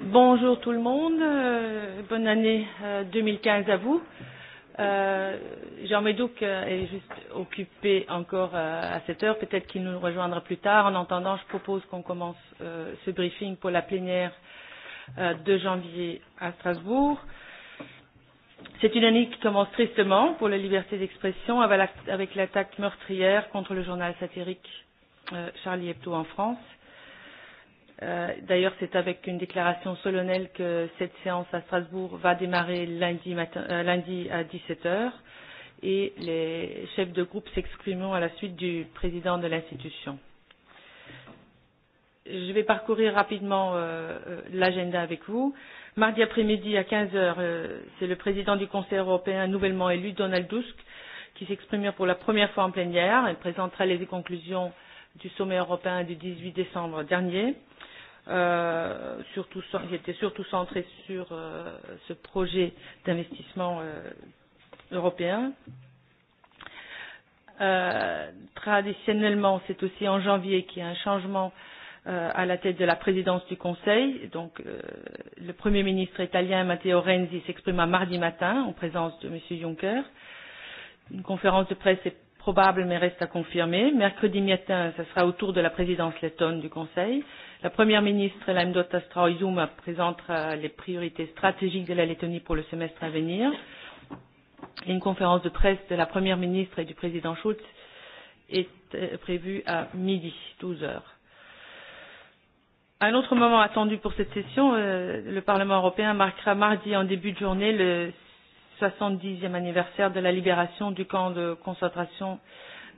Bonjour tout le monde, bonne année 2015 à vous. Euh, Jean Médouc est juste occupé encore à cette heure, peut-être qu'il nous rejoindra plus tard. En attendant, je propose qu'on commence ce briefing pour la plénière de janvier à Strasbourg. C'est une année qui commence tristement pour la liberté d'expression avec l'attaque meurtrière contre le journal satirique Charlie Hebdo en France. D'ailleurs, c'est avec une déclaration solennelle que cette séance à Strasbourg va démarrer lundi, matin, lundi à 17h et les chefs de groupe s'exprimeront à la suite du président de l'institution. Je vais parcourir rapidement l'agenda avec vous. Mardi après-midi à 15h, c'est le président du Conseil européen nouvellement élu, Donald Tusk, qui s'exprimera pour la première fois en plénière. Il présentera les conclusions du sommet européen du 18 décembre dernier, euh, surtout, qui était surtout centré sur ce projet d'investissement européen. Euh, traditionnellement, c'est aussi en janvier qu'il y a un changement à la tête de la présidence du Conseil. Donc, le Premier ministre italien Matteo Renzi s'exprima mardi matin en présence de M. Juncker. Une conférence de presse est probable mais reste à confirmer. Mercredi matin, ce sera au tour de la présidence lettonne du Conseil. La première ministre, Laimdota Strauizum, présentera les priorités stratégiques de la Lettonie pour le semestre à venir. Une conférence de presse de la première ministre et du président Schulz est prévue à midi, 12 heures. Un autre moment attendu pour cette session, le Parlement européen marquera mardi en début de journée le 70e anniversaire de la libération du camp de concentration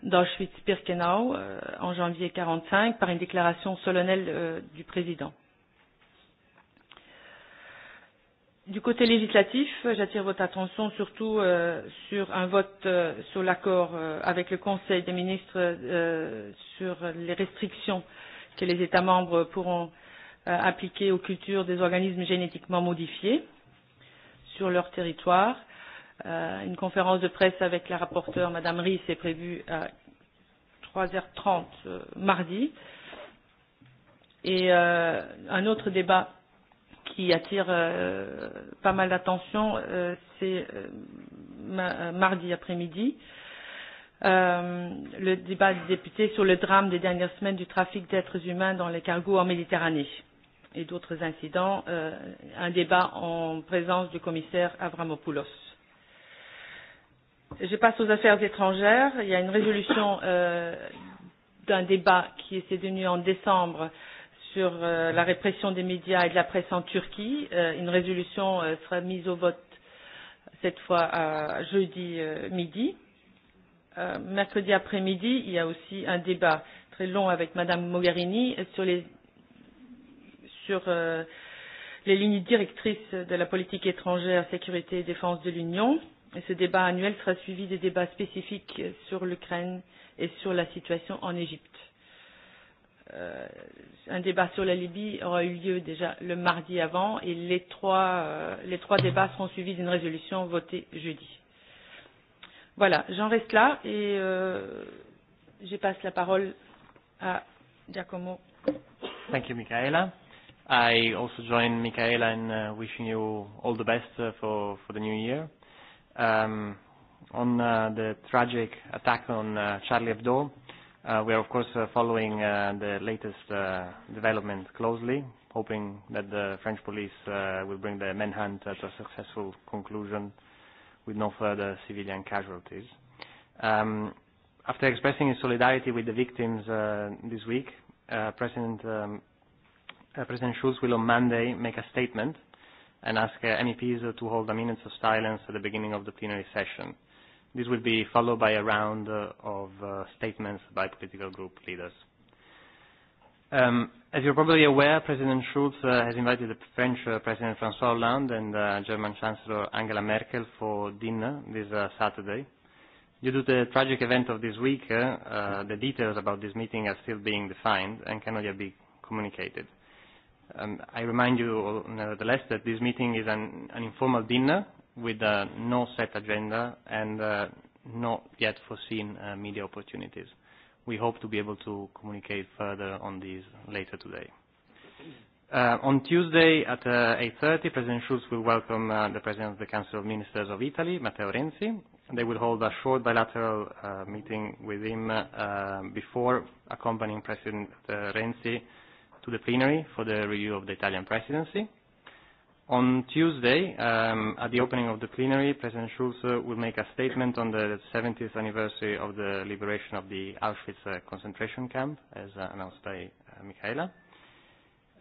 d'Auschwitz-Birkenau en janvier 1945 par une déclaration solennelle du président. Du côté législatif, j'attire votre attention surtout sur un vote sur l'accord avec le Conseil des ministres sur les restrictions que les États membres pourront appliquer aux cultures des organismes génétiquement modifiés sur leur territoire Une conférence de presse avec la rapporteure, Madame Ries, est prévue à 3h30 mardi. Et un autre débat qui attire pas mal d'attention, c'est mardi après-midi, le débat des députés sur le drame des dernières semaines du trafic d'êtres humains dans les cargos en Méditerranée et d'autres incidents, un débat en présence du commissaire Avramopoulos. Je passe aux affaires étrangères. Il y a une résolution d'un débat qui s'est tenu en décembre sur la répression des médias et de la presse en Turquie. Une résolution sera mise au vote cette fois à jeudi midi. Mercredi après-midi, il y a aussi un débat très long avec Madame Mogherini sur les sur les lignes directrices de la politique étrangère, sécurité et défense de l'Union. Et ce débat annuel sera suivi des débats spécifiques sur l'Ukraine et sur la situation en Égypte. Un débat sur la Libye aura eu lieu déjà le mardi avant et les trois les trois débats seront suivis d'une résolution votée jeudi. Voilà, j'en reste là et je passe la parole à Giacomo. Thank you, Michaela. I also join Michaela in wishing you all the best for for the new year um, on uh, the tragic attack on uh, Charlie Hebdo, uh, we are of course uh, following uh, the latest uh, development closely, hoping that the French police uh, will bring the manhunt to a successful conclusion with no further civilian casualties. Um, after expressing his solidarity with the victims uh, this week, uh, President, um, uh, President Schulz will on Monday make a statement and ask MEPs to hold a minute of silence at the beginning of the plenary session. This will be followed by a round of statements by political group leaders. As you're probably aware, President Schulz has invited the French President François Hollande and German Chancellor Angela Merkel for dinner this Saturday. Due to the tragic event of this week, the details about this meeting are still being defined and cannot yet be communicated. I remind you, nevertheless, that this meeting is an informal dinner with no set agenda and not yet foreseen media opportunities. We hope to be able to communicate further on these later today. On Tuesday at 8.30, President Schulz will welcome the President of the Council of Ministers of Italy, Matteo Renzi. They will hold a short bilateral meeting with him before accompanying President Renzi to the plenary for the review of the Italian presidency. On Tuesday, um, at the opening of the plenary, President Schulz will make a statement on the 70th anniversary of the liberation of the Auschwitz concentration camp, as announced by Michaela.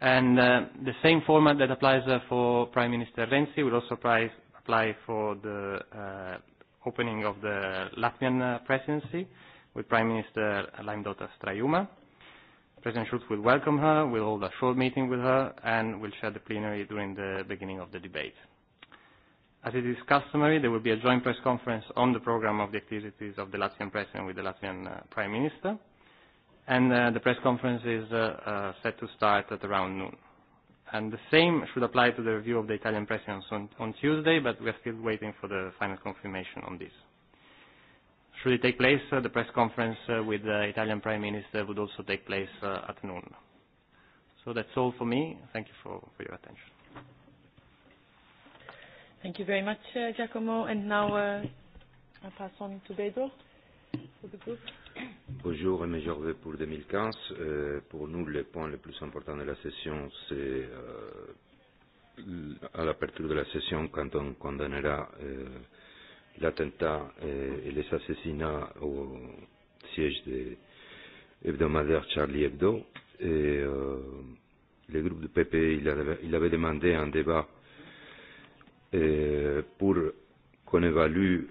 And the same format that applies for Prime Minister Renzi will also apply, apply for the opening of the Latvian presidency with Prime Minister Laimdota Strajuma President Schulz will welcome her, will hold a short meeting with her, and will share the plenary during the beginning of the debate. As it is customary, there will be a joint press conference on the program of the activities of the Latvian President with the Latvian Prime Minister, and the press conference is set to start at around noon. And the same should apply to the review of the Italian on on Tuesday, but we are still waiting for the final confirmation on this. Should it take place, the press conference with the Italian Prime Minister would also take place at noon. So that's all for me. Thank you for, for your attention. Thank you very much, Giacomo. And now uh, I pass on to Pedro for the group. Bonjour et mes pour 2015. Euh, pour nous, le point le plus important de la session, c'est euh, à l'aperture de la session quand on condamnera euh, l'attentat et les assassinats au siège de hebdomadaire Charlie Hebdo. Et le groupe de PPE, il avait, il avait demandé un débat pour qu'on évalue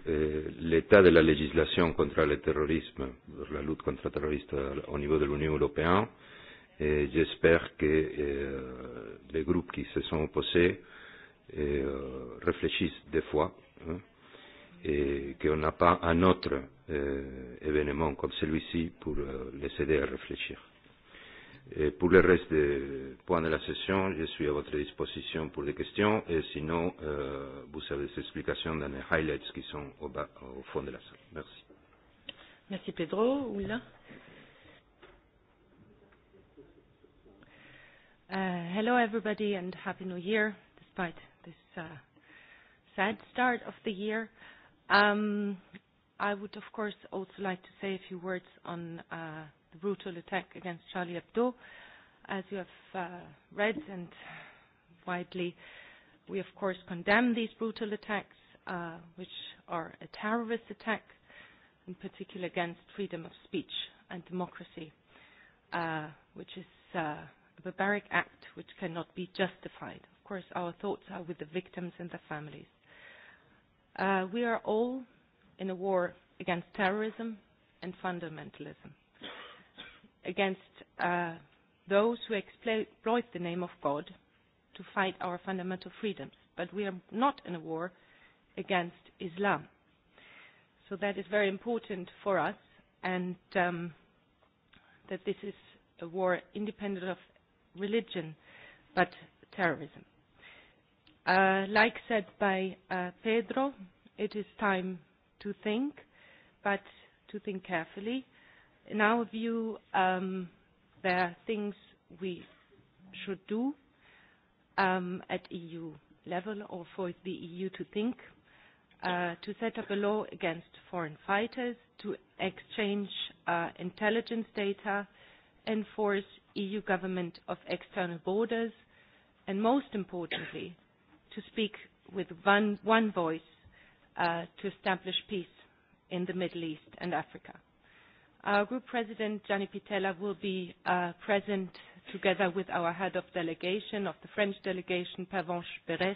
l'état de la législation contre le terrorisme, la lutte contre le terrorisme au niveau de l'Union européenne. Et j'espère que les groupes qui se sont opposés réfléchissent des fois et qu'on n'a pas un autre événement comme celui-ci pour les aider à réfléchir. Et pour le reste des points de la session, je suis à votre disposition pour des questions et sinon, vous avez des explications dans les highlights qui sont au, bas, au fond de la salle. Merci. Merci Pedro. Oula. Uh, hello everybody and Happy New Year despite this uh, sad start of the year. Um, I would, of course, also like to say a few words on uh, the brutal attack against Charlie Hebdo. As you have uh, read and widely, we, of course, condemn these brutal attacks, uh, which are a terrorist attack, in particular against freedom of speech and democracy, uh, which is uh, a barbaric act which cannot be justified. Of course, our thoughts are with the victims and their families. We are all in a war against terrorism and fundamentalism, against those who exploit the name of God to fight our fundamental freedoms. But we are not in a war against Islam. So that is very important for us, and that this is a war independent of religion, but terrorism. Like said by Pedro, It is time to think, but to think carefully. In our view, um, there are things we should do um, at EU level or for the EU to think, uh, to set up a law against foreign fighters, to exchange uh, intelligence data, enforce EU government of external borders, and most importantly, to speak with one, one voice to establish peace in the Middle East and Africa. Our group president, Gianni Pitella, will be present together with our head of delegation of the French delegation, Pavanche Beres,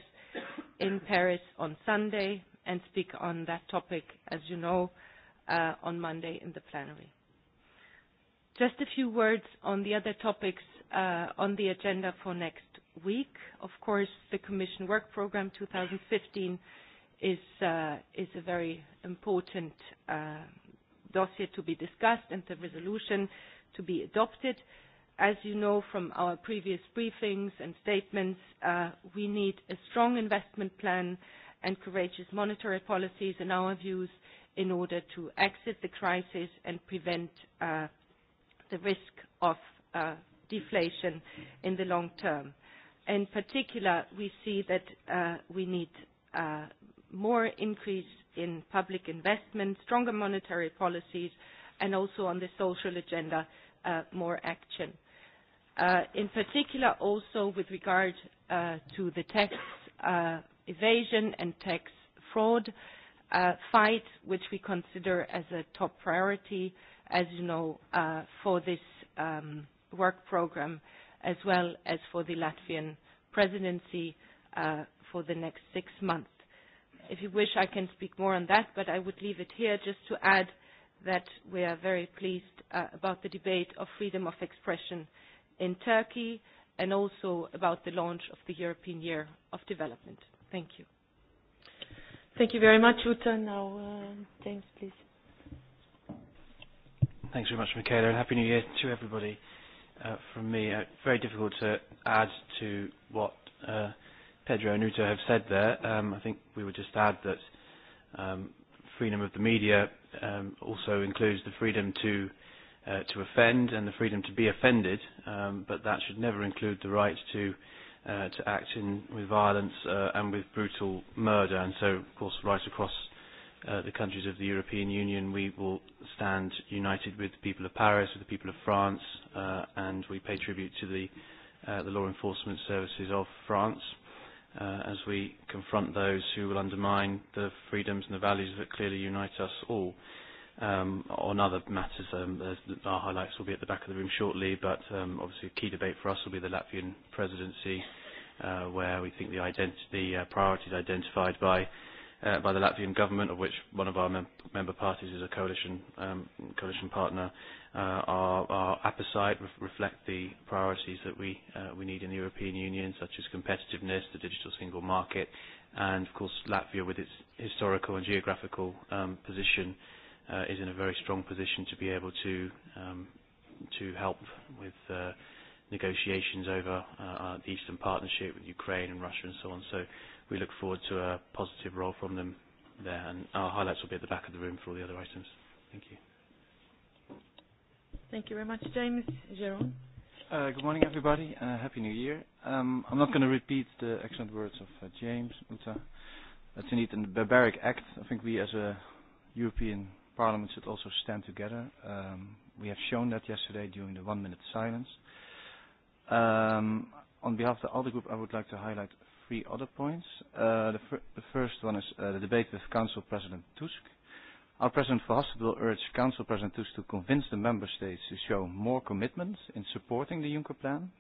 in Paris on Sunday and speak on that topic, as you know, on Monday in the plenary. Just a few words on the other topics on the agenda for next week. Of course, the Commission Work Programme 2015 is a very important dossier to be discussed and the resolution to be adopted. As you know from our previous briefings and statements, we need a strong investment plan and courageous monetary policies, in our views, in order to exit the crisis and prevent the risk of deflation in the long term. In particular, we see that we need more increase in public investment, stronger monetary policies, and also on the social agenda, more action. In particular, also with regard to the tax evasion and tax fraud fight, which we consider as a top priority, as you know, for this work program, as well as for the Latvian presidency for the next six months. If you wish, I can speak more on that, but I would leave it here just to add that we are very pleased about the debate of freedom of expression in Turkey and also about the launch of the European Year of Development. Thank you. Thank you very much, Uta. Now, James, please. Thanks very much, Michaela, and Happy New Year to everybody from me. Very difficult to add to what Pedro and Uto have said there, um, I think we would just add that um, freedom of the media um, also includes the freedom to uh, to offend and the freedom to be offended, um, but that should never include the right to uh, to act in with violence uh, and with brutal murder. And so, of course, right across uh, the countries of the European Union, we will stand united with the people of Paris, with the people of France, uh, and we pay tribute to the uh, the law enforcement services of France as we confront those who will undermine the freedoms and the values that clearly unite us all. Um, on other matters, um, our highlights will be at the back of the room shortly, but um, obviously a key debate for us will be the Latvian presidency, uh, where we think the, the priorities identified by by the Latvian government, of which one of our member parties is a coalition coalition partner, our our appetite reflect the priorities that we we need in the European Union, such as competitiveness, the digital single market, and of course Latvia, with its historical and geographical um position, is in a very strong position to be able to to help with negotiations over the Eastern Partnership with Ukraine and Russia and so on. So we look forward to a positive role from them there. And our highlights will be at the back of the room for all the other items. Thank you. Thank you very much, James. Uh, good morning, everybody. Uh, Happy New Year. Um, I'm not going to repeat the excellent words of uh, James, Uta. It's indeed a barbaric act. I think we as a European Parliament should also stand together. Um, we have shown that yesterday during the one-minute silence. Um, on behalf of the other group, I would like to highlight three other points. The first one is the debate with Council President Tusk. Our President for will urge Council President Tusk to convince the Member States to show more commitment in supporting the Juncker Plan.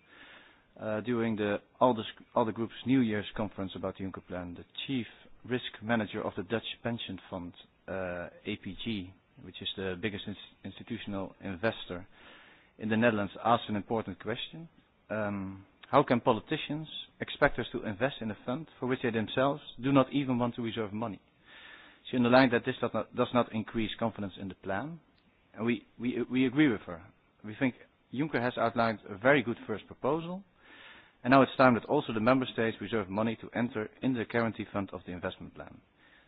During the other Group's New Year's conference about the Juncker Plan, the Chief Risk Manager of the Dutch Pension Fund, APG, which is the biggest institutional investor in the Netherlands, asked an important question How can politicians expect us to invest in a fund for which they themselves do not even want to reserve money? She underlined that this does not increase confidence in the plan, and we, we, we agree with her. We think Juncker has outlined a very good first proposal, and now it's time that also the member states reserve money to enter in the guarantee fund of the investment plan.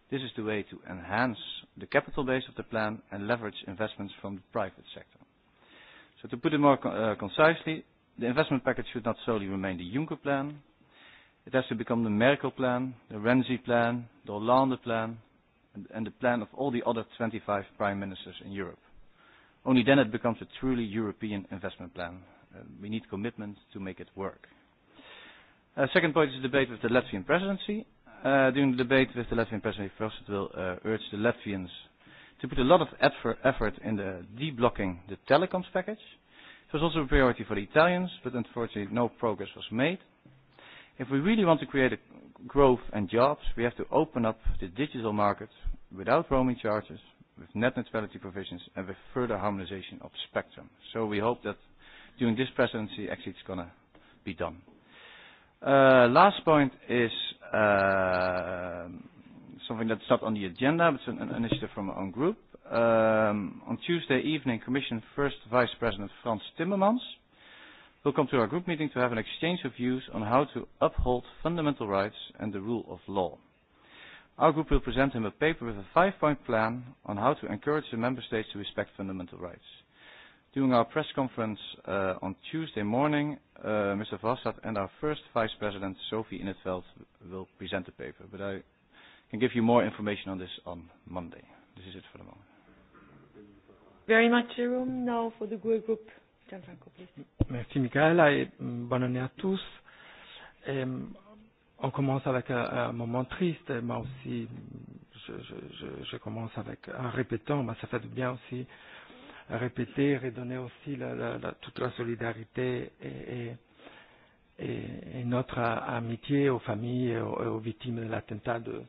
This is the way to enhance the capital base of the plan and leverage investments from the private sector. So to put it more concisely, The investment package should not solely remain the Juncker plan. It has to become the Merkel plan, the Renzi plan, the Hollande plan, and the plan of all the other 25 prime ministers in Europe. Only then it becomes a truly European investment plan. We need commitment to make it work. Second point is the debate with the Latvian presidency. During the debate with the Latvian presidency, first it will urge the Latvians to put a lot of effort in the de-blocking the telecoms package It was also a priority for the Italians, but unfortunately no progress was made. If we really want to create growth and jobs, we have to open up the digital market without roaming charges, with net neutrality provisions, and with further harmonization of spectrum. So we hope that during this presidency, actually, it's going to be done. last point is something that's not on the agenda, but it's an initiative from our own group. On Tuesday evening, Commission First Vice President Frans Timmermans will come to our group meeting to have an exchange of views on how to uphold fundamental rights and the rule of law. Our group will present him a paper with a five-point plan on how to encourage the member states to respect fundamental rights. During our press conference on Tuesday morning, Mr. Vossat and our first Vice President, Sophie Innetveld, will present the paper. But I can give you more information on this on Monday. This is it for the moment. Very much, Jerome. Now for the Google group, Gianfranco, please. Merci, Michaela, et bonne année à tous. Et on commence avec un, moment triste, moi aussi, je, je, je, je commence avec en répétant, mais ça fait du bien aussi répéter, redonner aussi la, la, la, toute la solidarité et, et et, notre amitié aux familles et aux, victimes de l'attentat de,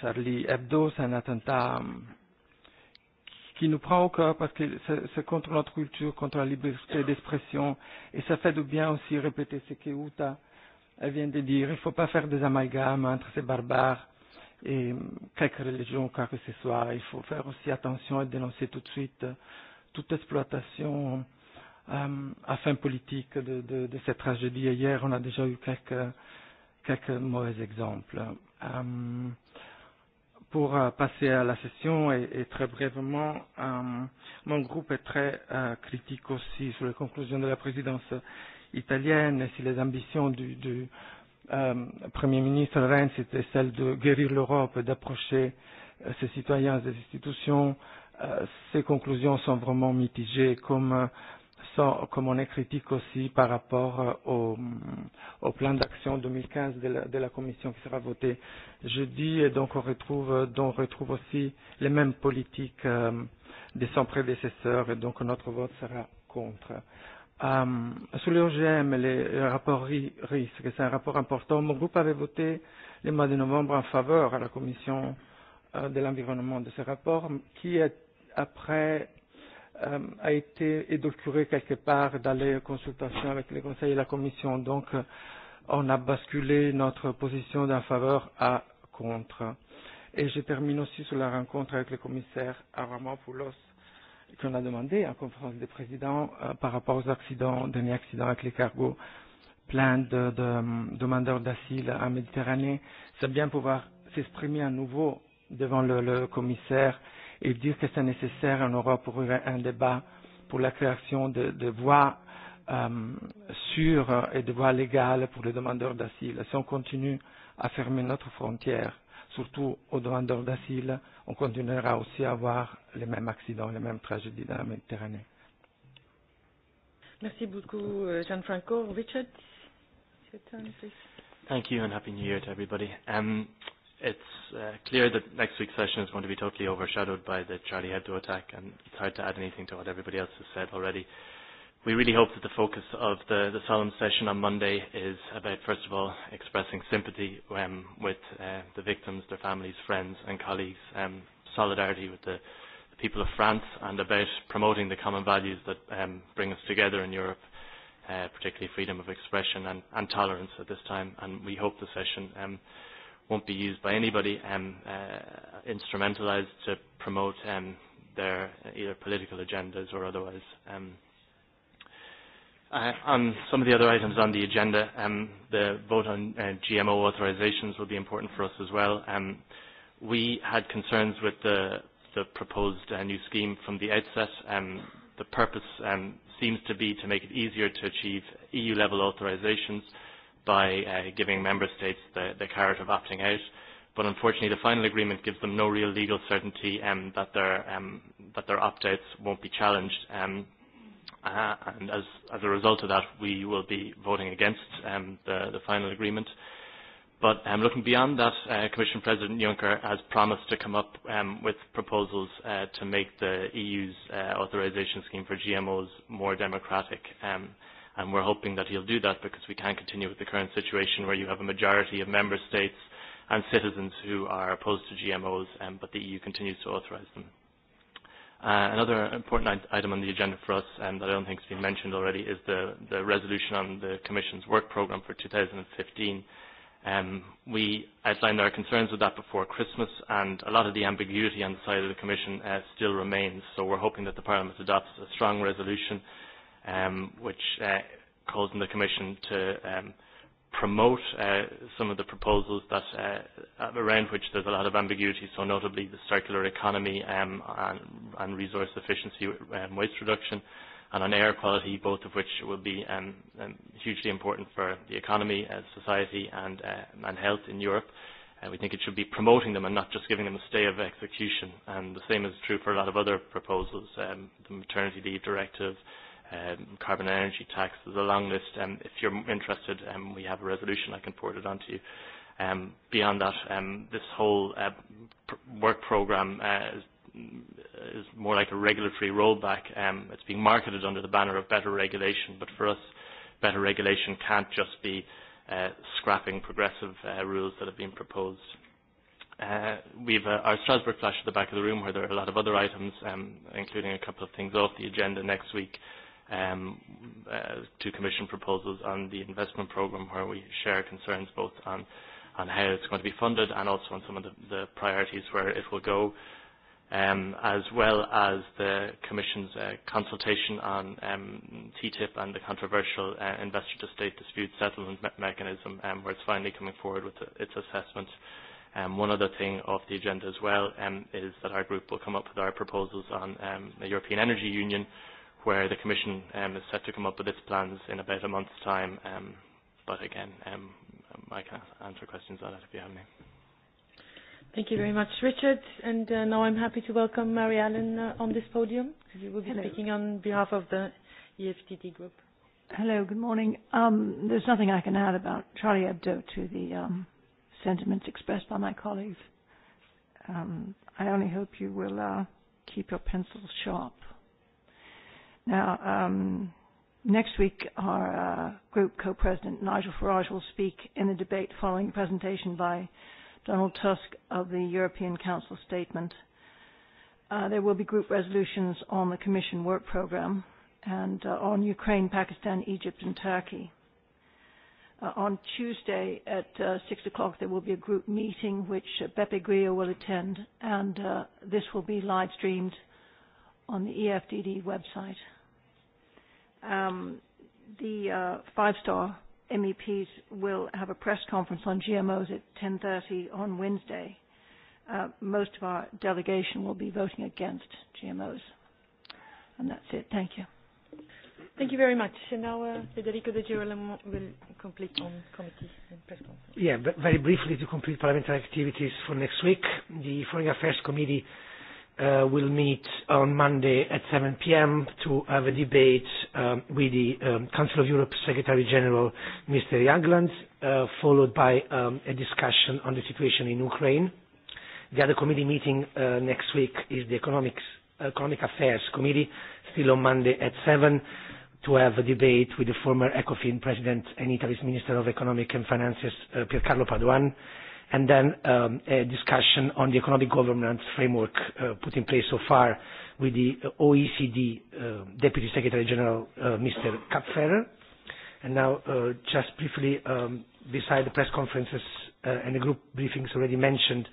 Charlie Hebdo, c'est un attentat qui nous prend au cœur parce que c'est contre notre culture, contre la liberté d'expression. Et ça fait du bien aussi répéter ce que Uta vient de dire. Il ne faut pas faire des amalgames entre ces barbares et quelques religions, quoi que ce soit. Il faut faire aussi attention et dénoncer tout de suite toute exploitation euh, à fin politique de, de, de cette tragédie. et Hier, on a déjà eu quelques, quelques mauvais exemples. Euh, pour passer à la session et, très brièvement, euh, mon groupe est très critique aussi sur les conclusions de la présidence italienne et si les ambitions du, du Premier ministre Renzi étaient celles de guérir l'Europe, et d'approcher ses citoyens et des institutions. ces conclusions sont vraiment mitigées comme comme on est critique aussi par rapport au, au plan d'action 2015 de la, de la Commission qui sera voté jeudi. Et donc, on retrouve, donc on retrouve aussi les mêmes politiques de son prédécesseur. Et donc, notre vote sera contre. Euh, sur les OGM, le rapport risque c'est un rapport important, mon groupe avait voté le mois de novembre en faveur à la Commission de l'environnement de ce rapport, qui est après a été édulcoré quelque part dans les consultations avec les Conseil et la Commission. Donc, on a basculé notre position d'un faveur à contre. Et je termine aussi sur la rencontre avec le commissaire Avramopoulos, qu'on a demandé en conférence des présidents par rapport aux accidents, derniers accidents avec les cargos plein de, de demandeurs d'asile en Méditerranée. C'est bien pouvoir s'exprimer à nouveau devant le, le commissaire et dire que c'est nécessaire en Europe pour un débat pour la création de, de voies euh, sûres et de voies légales pour les demandeurs d'asile. Si on continue à fermer notre frontière, surtout aux demandeurs d'asile, on continuera aussi à avoir les mêmes accidents, les mêmes tragédies dans la Méditerranée. Merci beaucoup, Gianfranco. Richard, Thank you and Happy New Year to everybody. Um, It's clear that next week's session is going to be totally overshadowed by the Charlie Hebdo attack, and it's hard to add anything to what everybody else has said already. We really hope that the focus of the, the solemn session on Monday is about, first of all, expressing sympathy um, with uh, the victims, their families, friends, and colleagues, um, solidarity with the, the people of France, and about promoting the common values that um, bring us together in Europe, uh, particularly freedom of expression and, and tolerance at this time. And we hope the session um, won't be used by anybody um, uh, instrumentalized to promote um, their either political agendas or otherwise. Um, on some of the other items on the agenda, um, the vote on GMO authorizations will be important for us as well. we had concerns with the, the proposed new scheme from the outset. the purpose seems to be to make it easier to achieve EU-level authorizations by giving member states the, the carrot of opting out. But unfortunately, the final agreement gives them no real legal certainty um, that their um, that their opt-outs won't be challenged. Um, and as as a result of that, we will be voting against um, the the final agreement. But looking beyond that, Commission President Juncker has promised to come up um, with proposals to make the EU's uh, authorization scheme for GMOs more democratic. Um, and we're hoping that he'll do that because we can't continue with the current situation where you have a majority of member states and citizens who are opposed to GMOs, but the EU continues to authorise them. Another important item on the agenda for us um, that I don't think has been mentioned already is the, the resolution on the Commission's work programme for 2015. Um, we outlined our concerns with that before Christmas and a lot of the ambiguity on the side of the Commission still remains, so we're hoping that the Parliament adopts a strong resolution um, which uh, calls on the Commission to um, promote uh, some of the proposals that uh, around which there's a lot of ambiguity, so notably the circular economy um, and, and resource efficiency and waste reduction, and on air quality, both of which will be um, um, hugely important for the economy, uh, society, and, uh, and health in Europe. we think it should be promoting them and not just giving them a stay of execution. And the same is true for a lot of other proposals, um, the maternity leave directive, um, carbon energy tax. There's a long list. Um, if you're interested, um, we have a resolution. I can forward it on to you. Um, beyond that, um, this whole work program uh, is is more like a regulatory rollback. Um, it's being marketed under the banner of better regulation, but for us, better regulation can't just be uh, scrapping progressive uh, rules that have been proposed. Uh, we've uh, our Strasbourg flash at the back of the room where there are a lot of other items, um, including a couple of things off the agenda next week um, to Commission proposals on the investment programme where we share concerns both on, on how it's going to be funded and also on some of the, priorities where it will go, as well as the Commission's consultation on TTIP and the controversial investor-to-state dispute settlement mechanism um, where it's finally coming forward with its assessment. one other thing off the agenda as well is that our group will come up with our proposals on um, the European Energy Union, where the Commission um, is set to come up with its plans in about a month's time. Um, but again, um, I can answer questions on that if you have any. Thank you very much, Richard. And now I'm happy to welcome Mary Allen on this podium. You will be speaking on behalf of the EFTD group. Hello, good morning. Um, there's nothing I can add about Charlie Hebdo to the um, sentiments expressed by my colleagues. Um, I only hope you will uh, keep your pencils sharp. Now, um, next week, our uh, group co-president Nigel Farage will speak in a debate following a presentation by Donald Tusk of the European Council statement. Uh, there will be group resolutions on the Commission work program and uh, on Ukraine, Pakistan, Egypt, and Turkey. Uh, on Tuesday at uh, 6 o'clock there will be a group meeting which uh, Beppe Grillo will attend and uh, this will be live streamed on the EFDD website. The five-star MEPs will have a press conference on GMOs at 10.30 on Wednesday. Most of our delegation will be voting against GMOs. And that's it. Thank you. Thank you very much. And now Federico De Girolamo will complete on committee and press conference. Yeah, very briefly to complete parliamentary activities for next week. The Foreign Affairs Committee will meet on Monday at 7 p.m. to have a debate with the Council of Europe Secretary General, Mr. Jagland, followed by a discussion on the situation in Ukraine. The other committee meeting next week is the Economics, Economic Affairs Committee, still on Monday at 7, to have a debate with the former ECOFIN President and Italy's Minister of Economic and Finances, Piercarlo Padoan and then a discussion on the economic governance framework put in place so far with the OECD Deputy Secretary General, Mr. Kapferer. And now, just briefly, beside the press conferences and the group briefings already mentioned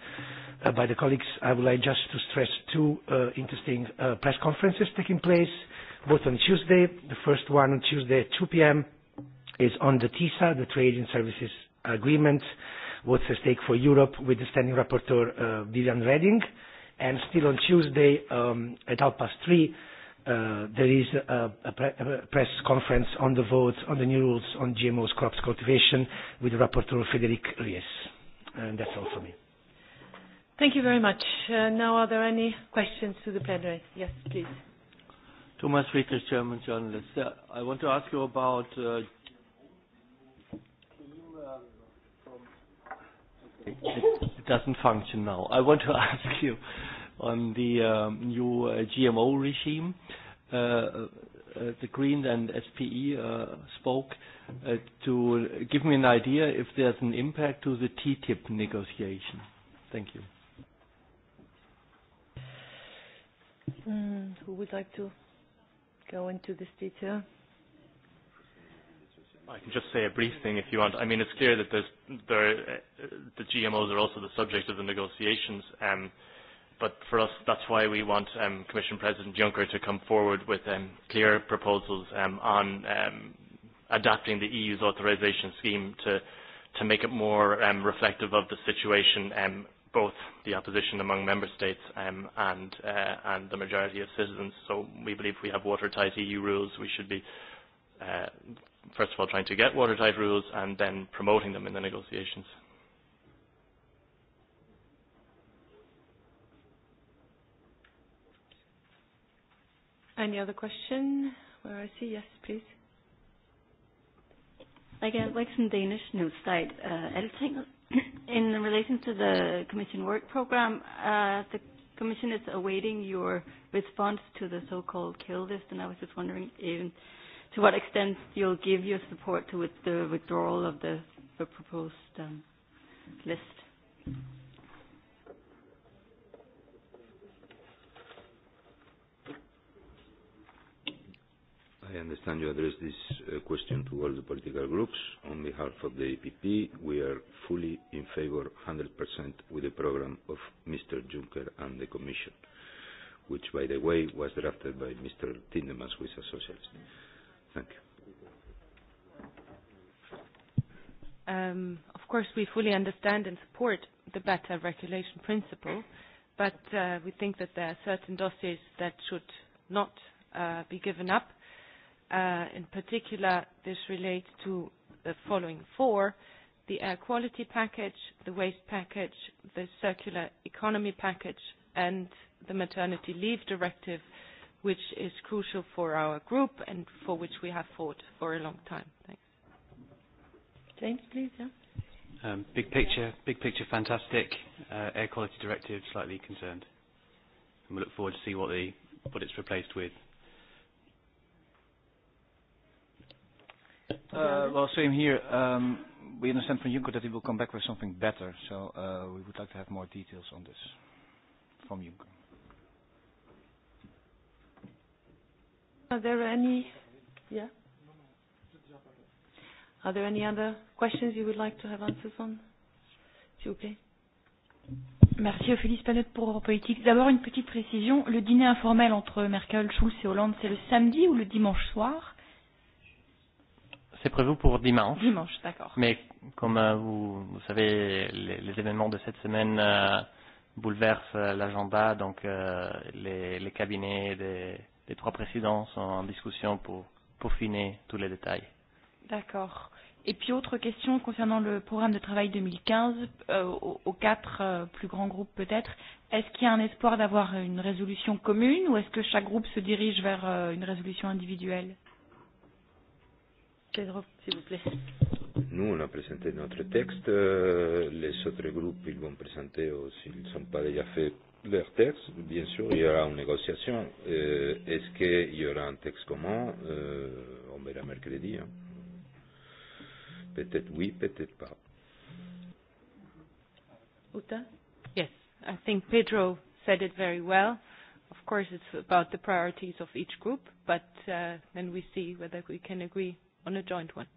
by the colleagues, I would like just to stress two interesting press conferences taking place, both on Tuesday. The first one on Tuesday at 2 p.m. is on the TISA, the Trade and Services Agreement, What's at Stake for Europe with the Standing Rapporteur Vivian Redding. And still on Tuesday at half past three, there is a press conference on the votes on the new rules on GMOs crops cultivation with the Rapporteur Frederic Ries. And that's all for me. Thank you very much. Now, are there any questions to the plenary? Yes, please. Thomas Friedrich, German journalist. I want to ask you about It doesn't function now. I want to ask you on the new GMO regime. The Greens and SPE spoke to give me an idea if there's an impact to the TTIP negotiation. Thank you. Who would like to go into this detail? I can just say a brief thing if you want. I mean, it's clear that there's, there, the GMOs are also the subject of the negotiations, um, but for us, that's why we want um, Commission President Juncker to come forward with um, clear proposals um, on um, adapting the EU's authorisation scheme to, to make it more um, reflective of the situation, um, both the opposition among member states um, and, uh, and the majority of citizens. So we believe we have watertight EU rules. We should be uh, first of all trying to get watertight rules and then promoting them in the negotiations. Any other question? Where I see, yes, please. Again, like some Danish site uh, editing. In relation to the Commission work program, uh, the Commission is awaiting your response to the so-called kill list, and I was just wondering if to what extent you'll give your support to the withdrawal of the the proposed list. I understand you address this question to all the political groups. On behalf of the EPP, we are fully in favor 100% with the program of Mr. Juncker and the Commission, which, by the way, was drafted by Mr. Tindemans, who is a socialist. Um, of course, we fully understand and support the better regulation principle, but we think that there are certain dossiers that should not be given up. in particular, this relates to the following four, the air quality package, the waste package, the circular economy package, and the maternity leave directive, which is crucial for our group and for which we have fought for a long time. Thanks. James, please. Um, big picture, big picture, fantastic. air quality directive, slightly concerned, and we look forward to see what the what it's replaced with. Uh, well, same here. Um, we understand from Juncker that he will come back with something better, so uh, we would like to have more details on this from Juncker. Are there any? Yeah. Are there any other questions you would like to have answers on? It's okay. Merci Ophélie Spanot pour Europe Politique. D'abord une petite précision. Le dîner informel entre Merkel, Schulz et Hollande, c'est le samedi ou le dimanche soir C'est prévu pour dimanche. Dimanche, d'accord. Mais comme vous, vous savez, les, événements de cette semaine bouleversent l'agenda, donc les, les cabinets des les trois précédents sont en discussion pour peaufiner tous les détails. D'accord. Et puis autre question concernant le programme de travail 2015, aux quatre plus grands groupes peut-être, est-ce qu'il y a un espoir d'avoir une résolution commune ou est-ce que chaque groupe se dirige vers une résolution individuelle s'il vous plaît. Nous, on a présenté notre texte. Les autres groupes, ils vont présenter, s'ils ne sont pas déjà fait, leur texte. Bien sûr, il y aura une négociation. Est-ce qu'il y aura un texte commun On verra mercredi. Peut-être oui, peut-être pas. Uta? Yes, I think Pedro said it very well. Of course, it's about the priorities of each group, but then we see whether we can agree on a joint one.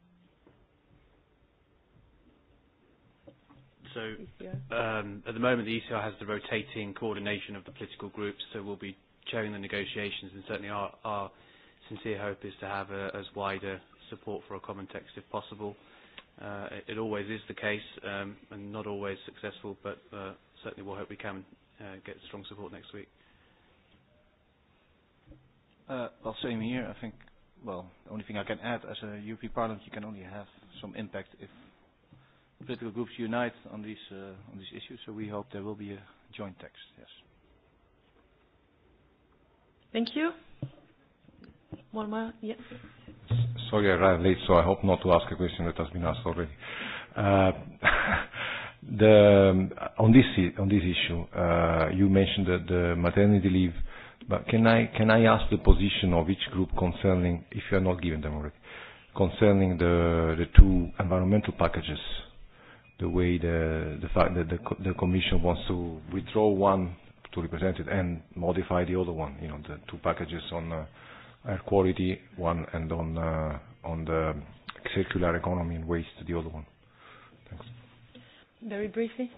So um, at the moment, the ECR has the rotating coordination of the political groups, so we'll be chairing the negotiations, and certainly our, our sincere hope is to have a, as wider support for a common text if possible. Uh, it, always is the case, um, and not always successful, but uh, certainly we'll hope we can uh, get strong support next week. Uh, well, same here. I think well, the only thing I can add, as a European Parliament, you can only have some impact if political groups unite on these uh, on these issues. So we hope there will be a joint text. Yes. Thank you. One more. Sorry, I arrived late, so I hope not to ask a question that has been asked already. Uh, the on this on this issue, uh, you mentioned that the maternity leave But can I can I ask the position of each group concerning, if you are not given them already, concerning the the two environmental packages, the way the the fact that the the Commission wants to withdraw one to represent it and modify the other one, you know, the two packages on air quality, one and on on the circular economy and waste, the other one. Thanks. Very briefly.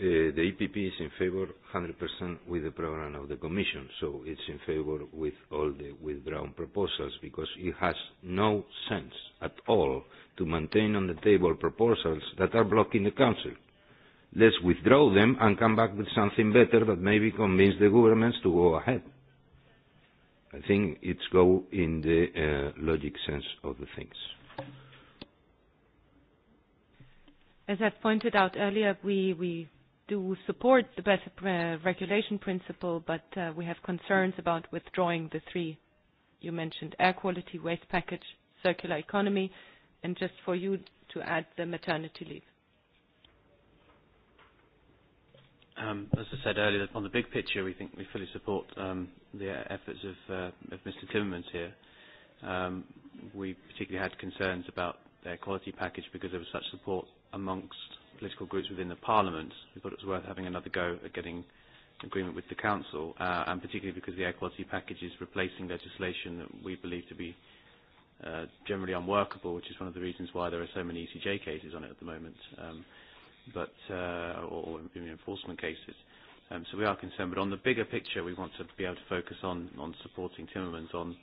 The EPP is in favor 100% with the program of the Commission, so it's in favor with all the withdrawn proposals because it has no sense at all to maintain on the table proposals that are blocking the Council. Let's withdraw them and come back with something better that maybe convince the governments to go ahead. I think it's go in the logic sense of the things. As I pointed out earlier, we we do support the better regulation principle, but we have concerns about withdrawing the three you mentioned, air quality, waste package, circular economy, and just for you to add the maternity leave. Um As I said earlier, on the big picture, we think we fully support um, the efforts of, of Mr. Timmermans here. Um, we particularly had concerns about air quality package because there was such support amongst political groups within the Parliament, we thought it was worth having another go at getting agreement with the Council, uh, and particularly because the air quality package is replacing legislation that we believe to be uh, generally unworkable, which is one of the reasons why there are so many ECJ cases on it at the moment, um, but uh, or, enforcement cases. Um, so we are concerned, but on the bigger picture, we want to be able to focus on, on supporting Timmermans, on,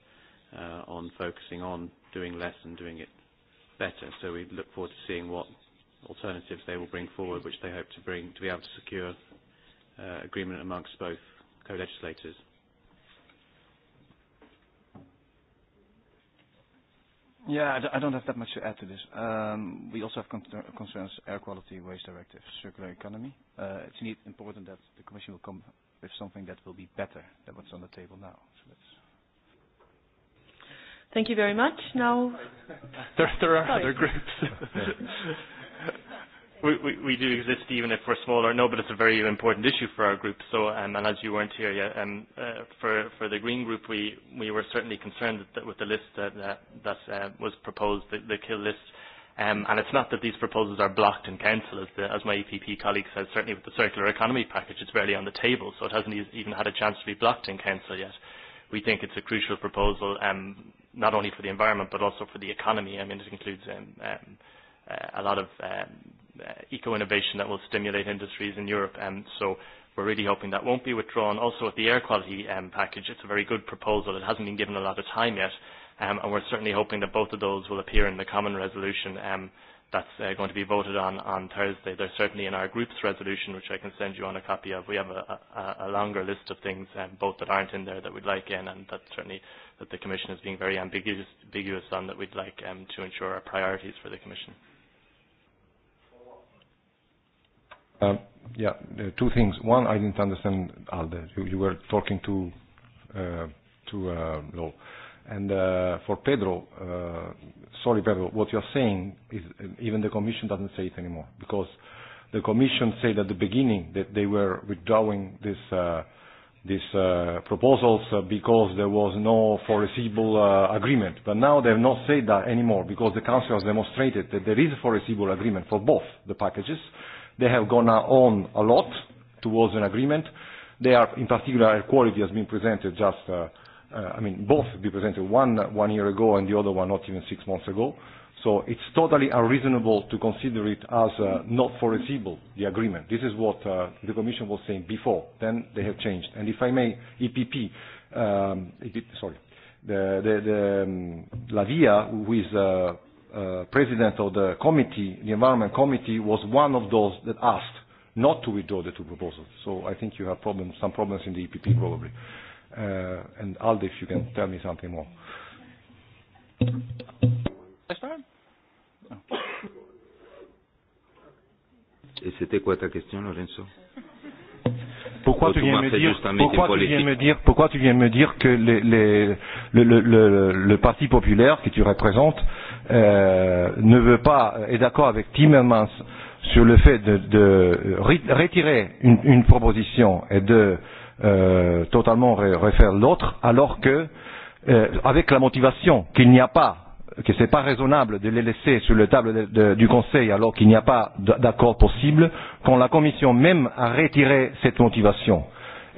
uh, on focusing on doing less and doing it better. So we look forward to seeing what alternatives they will bring forward, which they hope to bring to be able to secure agreement amongst both co-legislators. Yeah, I don't have that much to add to this. Um, we also have concerns air quality, waste directive, circular economy. Uh, it's indeed important that the Commission will come with something that will be better than what's on the table now. So that's Thank you very much. Now, there, there are other groups. We, we, do exist even if we're smaller. No, but it's a very important issue for our group. So, and as you weren't here yet, um, for, for the Green Group, we, we were certainly concerned that, with the list that, that, was proposed, the, kill list. Um, and it's not that these proposals are blocked in council, as, as my EPP colleague said, certainly with the circular economy package, it's barely on the table, so it hasn't even had a chance to be blocked in council yet. We think it's a crucial proposal, um, not only for the environment, but also for the economy. I mean, it includes um, a lot of um, eco-innovation that will stimulate industries in Europe. So we're really hoping that won't be withdrawn. Also, with the air quality package, it's a very good proposal. It hasn't been given a lot of time yet. And we're certainly hoping that both of those will appear in the common resolution that's going to be voted on on Thursday. They're certainly in our group's resolution, which I can send you on a copy of. We have a longer list of things, both that aren't in there that we'd like in, and that certainly that the Commission is being very ambiguous on that we'd like to ensure our priorities for the Commission. Yeah, two things. One, I didn't understand Alde. You, were talking to uh, to uh, And uh, for Pedro, uh, sorry Pedro, what you're saying is even the Commission doesn't say it anymore because the Commission said at the beginning that they were withdrawing this uh, these uh, proposals because there was no foreseeable agreement. But now they have not said that anymore because the Council has demonstrated that there is a foreseeable agreement for both the packages. They have gone on a lot towards an agreement. They are, in particular, air quality has been presented just, I mean, both be presented one one year ago and the other one not even six months ago. So it's totally unreasonable to consider it as not foreseeable, the agreement. This is what the Commission was saying before. Then they have changed. And if I may, EPP, sorry, the, the, the, Via who is president of the committee, the environment committee, was one of those that asked not to withdraw the two proposals. So I think you have problems, some problems in the EPP probably. and Alde, if you can tell me something more. Et c'était quoi ta question, Lorenzo pourquoi tu, viens me dire, pourquoi, tu viens me dire, pourquoi tu viens me dire que les, les, le, le, le, Parti populaire que tu représentes ne veut pas est d'accord avec Timmermans sur le fait de de retirer une proposition et de totalement refaire l'autre alors que avec la motivation qu'il n'y a pas que ce n'est pas raisonnable de les laisser sur la table du Conseil alors qu'il n'y a pas d'accord possible, quand la Commission même a retiré cette motivation.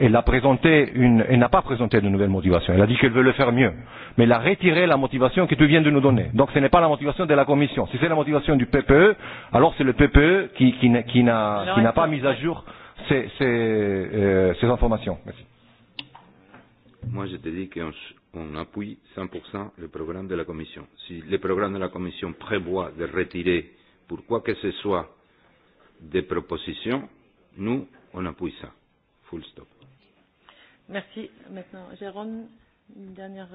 Elle a présenté une, elle n'a pas présenté de nouvelles motivations. Elle a dit qu'elle veut le faire mieux. Mais elle a retiré la motivation que tu viens de nous donner. Donc ce n'est pas la motivation de la Commission. Si c'est la motivation du PPE, alors c'est le PPE qui, qui, qui n'a pas mis à jour ces, ces, ces informations. Merci. Moi, je te dis qu'on appuie 100% le programme de la Commission. Si le programme de la Commission prévoit de retirer pour quoi que ce soit des propositions, nous, on appuie ça. Full stop. Merci. Maintenant, Jérôme, une dernière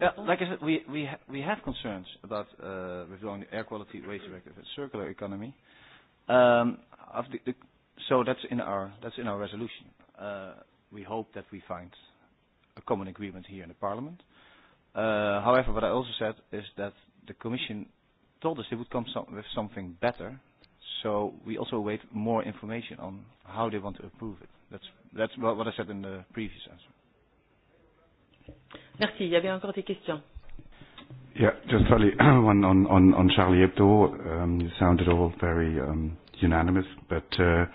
yeah, Like I said, we, we, we have concerns about uh, the air quality waste directive circular economy. Um, of the, the, so that's in our, that's in our resolution. Uh, we hope that we find a common agreement here in the Parliament. Uh, however, what I also said is that the Commission told us they would come some, with something better, so we also await more information on how they want to approve it. That's That's what I said in the previous answer. Merci. Il y avait encore des questions. Yeah, just finally one on, on, on Charlie Hebdo. Um, you sounded all very um, unanimous, but uh,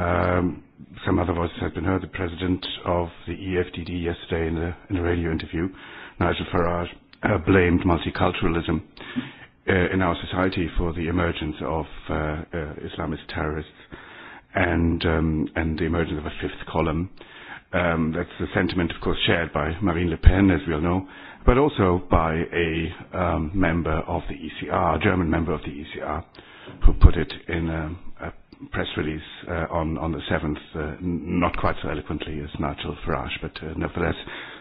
um, some other voices have been heard. The president of the EFDD yesterday in a, in a radio interview, Nigel Farage, uh, blamed multiculturalism uh, in our society for the emergence of uh, uh, Islamist terrorists and um and the emergence of a fifth column. Um That's a sentiment, of course, shared by Marine Le Pen, as we all know, but also by a um member of the ECR, a German member of the ECR, who put it in a press release on on the 7th, not quite so eloquently as Nigel Farage, but nevertheless,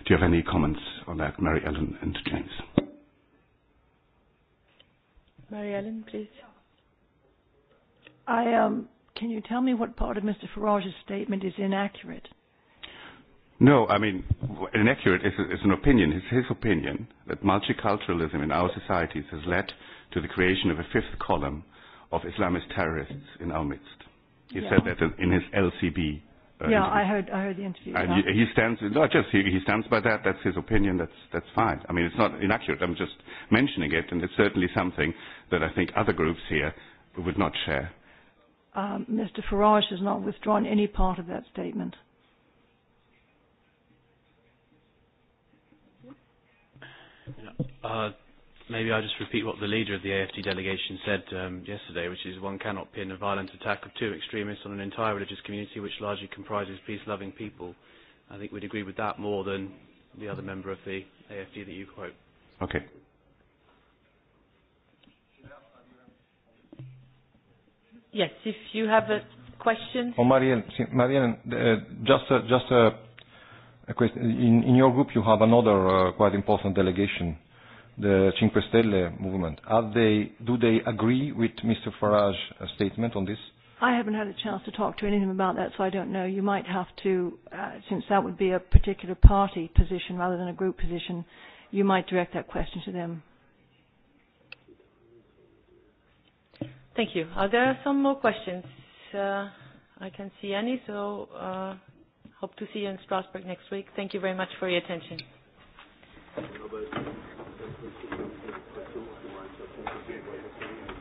do you have any comments on that, Mary Ellen and James? Mary Ellen, please. I um Can you tell me what part of Mr. Farage's statement is inaccurate? No, I mean, inaccurate is, is an opinion. It's his opinion that multiculturalism in our societies has led to the creation of a fifth column of Islamist terrorists in our midst. He said that in his LCB. yeah, I heard. I heard the interview. And he, stands no, just he, he stands by that. That's his opinion. That's that's fine. I mean, it's not inaccurate. I'm just mentioning it, and it's certainly something that I think other groups here would not share. Mr. Farage has not withdrawn any part of that statement. Maybe I'll just repeat what the leader of the AFD delegation said yesterday, which is one cannot pin a violent attack of two extremists on an entire religious community which largely comprises peace-loving people. I think we'd agree with that more than the other member of the AFD that you quote. Okay. Yes, if you have a question. Oh, Marianne, just a, just a, question. In, your group, you have another quite important delegation, the Cinque Stelle movement. Are they, do they agree with Mr. Farage's statement on this? I haven't had a chance to talk to any of them about that, so I don't know. You might have to, since that would be a particular party position rather than a group position, you might direct that question to them. Thank you. Are there some more questions? Uh I can't see any, so uh, hope to see you in Strasbourg next week. Thank you very much for your attention.